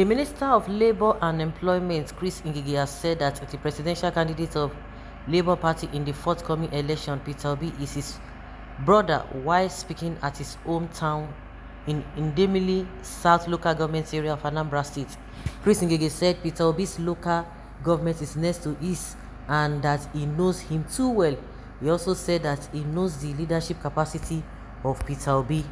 The Minister of Labour and Employment, Chris Ngigi, has said that the presidential candidate of Labour Party in the forthcoming election, Peter Obi, is his brother while speaking at his hometown in Indemili South local government area of Anambra State. Chris Ngigi said Peter Obi's local government is next to his and that he knows him too well. He also said that he knows the leadership capacity of Peter Obi.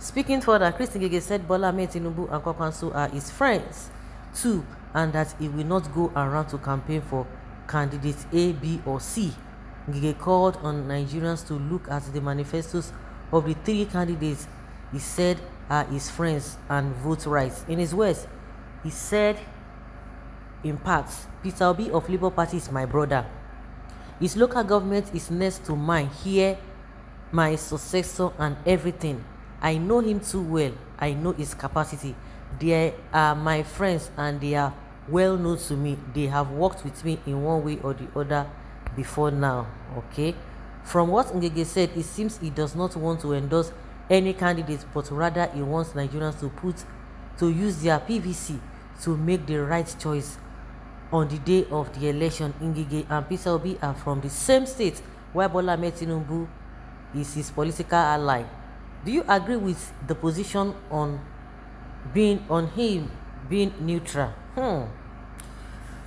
Speaking further, Christy Gege said Bola Ahmed Tinubu and Kwakwanso are his friends too and that he will not go around to campaign for candidates A, B or C. Gege called on Nigerians to look at the manifestos of the three candidates he said are his friends and vote right. In his words, he said, in part, Peter Obi of Labour Party is my brother. His local government is next to mine here, my successor and everything. I know him too well. I know his capacity. They are my friends and they are well known to me. They have worked with me in one way or the other before now. Okay. From what Ngege said, it seems he does not want to endorse any candidate, but rather he wants Nigerians to put to use their PVC to make the right choice on the day of the election. Ngige and Peter Obi are from the same state where Bola Metinumbu is his political ally do you agree with the position on being on him being neutral hmm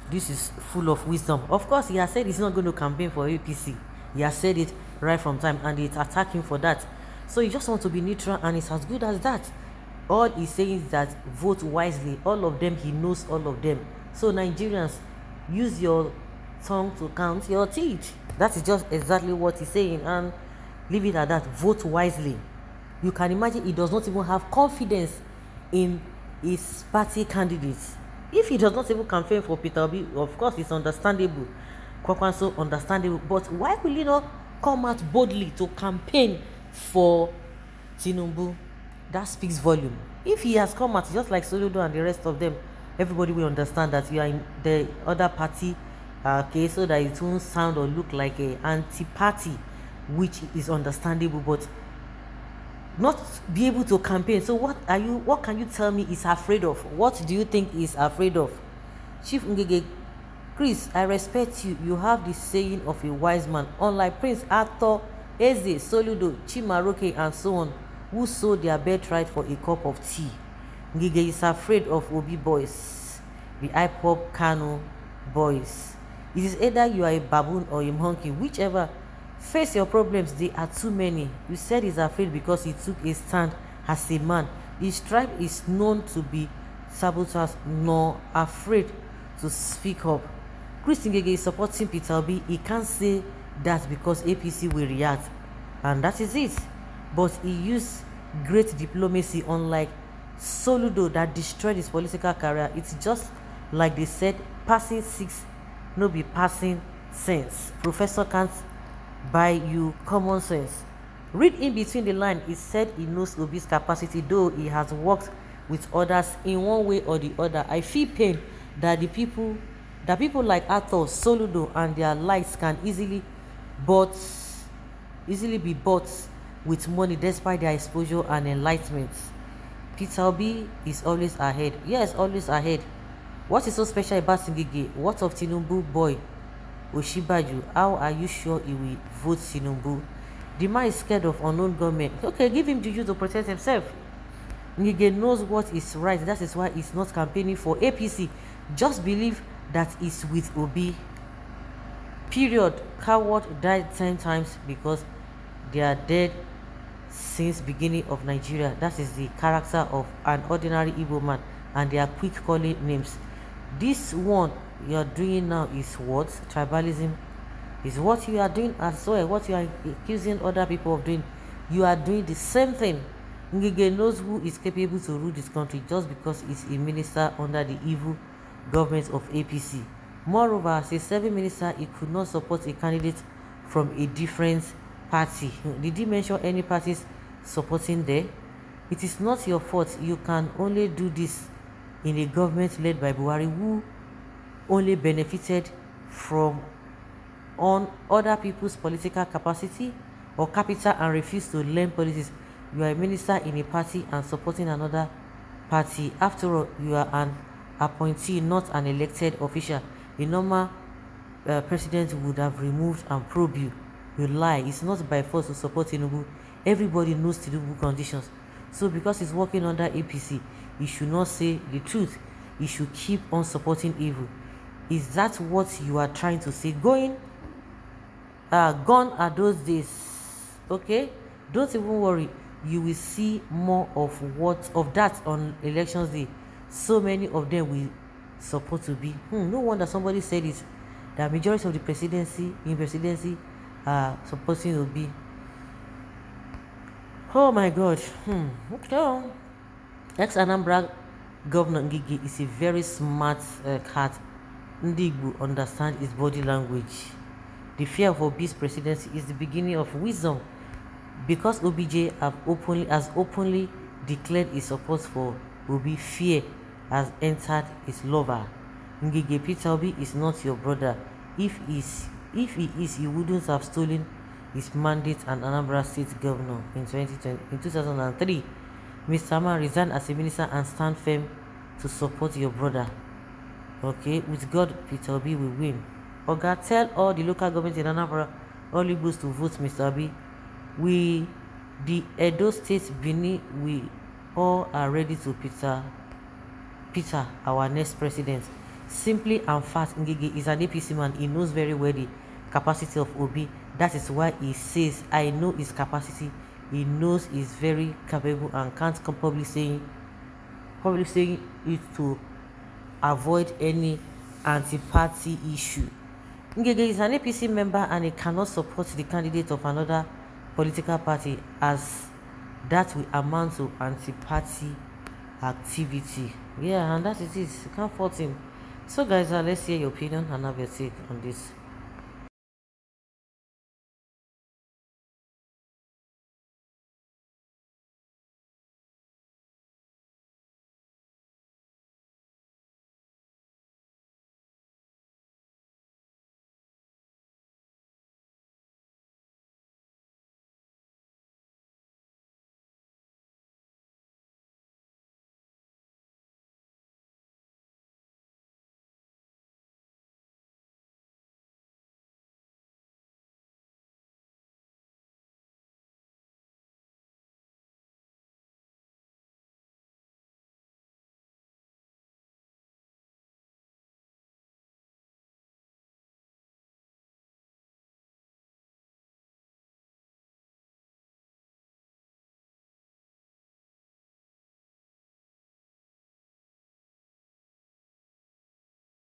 this is full of wisdom of course he has said he's not going to campaign for apc he has said it right from time and it's attacking for that so you just want to be neutral and it's as good as that all he's saying is that vote wisely all of them he knows all of them so nigerians use your tongue to count your teeth that is just exactly what he's saying and leave it at that vote wisely you can imagine he does not even have confidence in his party candidates. If he does not even campaign for Peter B, of course it's understandable. Kwakwanso understandable. But why will he not come out boldly to campaign for Tinubu? That speaks volume. If he has come out just like Soludo and the rest of them, everybody will understand that you are in the other party uh, okay so that it won't sound or look like a anti-party which is understandable but not be able to campaign. So what are you? What can you tell me is afraid of? What do you think is afraid of? Chief Ngege, Chris, I respect you. You have the saying of a wise man. Unlike Prince Arthur, Eze, Soludo, Chimaroke, and so on, who sold their bed right for a cup of tea. Ngige is afraid of Obi boys, the iPop hop Kano boys. It is either you are a baboon or a monkey, whichever Face your problems, they are too many. You said he's afraid because he took a stand as a man. His tribe is known to be saboteurs nor afraid to speak up. Chris Ngege is supporting Peter Obi. He can't say that because APC will react. And that is it. But he used great diplomacy unlike Soludo that destroyed his political career. It's just like they said, passing six, no be passing sense. Professor can't by you common sense. Read in between the line, it said he knows Obi's capacity, though he has worked with others in one way or the other. I feel pain that the people that people like Arthur, Soludo, and their likes can easily bought easily be bought with money despite their exposure and enlightenment. Peter Obi is always ahead. Yes, always ahead. What is so special about Singige? What of Tinubu boy? Oshibaju, how are you sure he will vote Tinubu? The man is scared of unknown government. Okay, give him juju to protect himself. Nige knows what is right. That is why he's not campaigning for APC. Just believe that he's with Obi. Period. Coward died 10 times because they are dead since beginning of Nigeria. That is the character of an ordinary evil man and they are quick calling names. This one you are doing now is what tribalism is what you are doing as well what you are accusing other people of doing you are doing the same thing ngige knows who is capable to rule this country just because he's a minister under the evil government of apc moreover as a serving minister he could not support a candidate from a different party did he mention any parties supporting there it is not your fault you can only do this in a government led by buhari who only benefited from on other people's political capacity or capital and refuse to learn policies. You are a minister in a party and supporting another party. After all, you are an appointee, not an elected official. A normal uh, president would have removed and probed you. You lie. It's not by force to support Tinubu. Everybody knows Tinubu conditions. So because he's working under APC, he should not say the truth. He should keep on supporting evil. Is that what you are trying to say? Going, uh, gone are those days. Okay, don't even worry. You will see more of what of that on elections day. So many of them will support to be. Hmm, no wonder somebody said it. The majority of the presidency in presidency are supporting to be. Oh my God. Hmm. Okay. Ex Anambra Governor Gigi is a very smart uh, cat ndị understand his body language. The fear of Obi's presidency is the beginning of wisdom because OBJ have openly, has openly declared his support for Obi, fear has entered his lover. Ngige Peter Obi is not your brother. If, if he is, he wouldn't have stolen his mandate as Anambra State Governor in, in 2003. Mr. Ama resigned as a minister and stand firm to support your brother. Okay, with God, Peter Obi will win. Oga, tell all the local government in Anambra, all boys to vote Mr. Obi. We, the Edo State Bini, we all are ready to Peter, Peter, our next president. Simply and fast, Ngige is an APC man. He knows very well the capacity of Obi. That is why he says, I know his capacity. He knows he's very capable and can't come publishing, saying, saying it to avoid any anti-party issue. Ngege is an APC member and he cannot support the candidate of another political party as that will amount to anti-party activity. Yeah, and that is it. You can't fault him. So guys, uh, let's hear your opinion and have your take on this.